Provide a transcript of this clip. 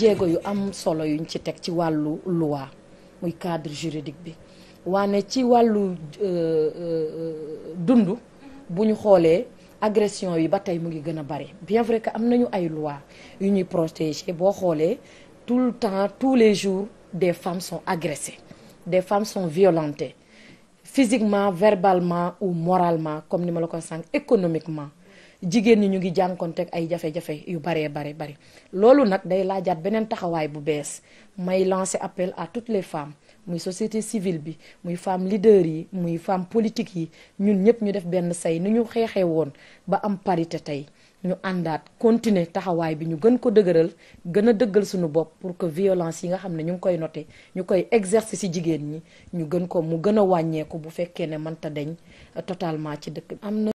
jéego yu am solo yu ñu ci teg ci wàllu loi muy cadre juridique bi waane ci wàllu euh, euh, dund bu ñu xoolee agression yi ba tey mu ngi gën a bari bien vrai que am nañu ay loi yu ñuy protéger boo xoolee tout le temps tous les jours des femmes sont agressées des femmes son violentées physiquement verbalement ou moralement comme ni ma la ko sànq économiquement jigéen ñi ñu ngi jànkonteeg ay jafe-jafe yu baree bare bari loolu nag day laajaat beneen taxawaay bu bees may lancer appel à toutes les femmes muy société civile bi muy femme leader yi muy femme politique yi ñun ñëpp ñu def benn say ni ñu xeexee woon ba am parité tey ñu àndaat continuer taxawaay bi ñu gën ko dëgëral gën a dëggal suñu bopp pour que violence yi nga xam ne ñu ngi koy notee ñu koy exercer ci jigéen ñi ñu gën ko mu gën a wàññeeku bu fekkee ne mënta deñ totalement ci dëkk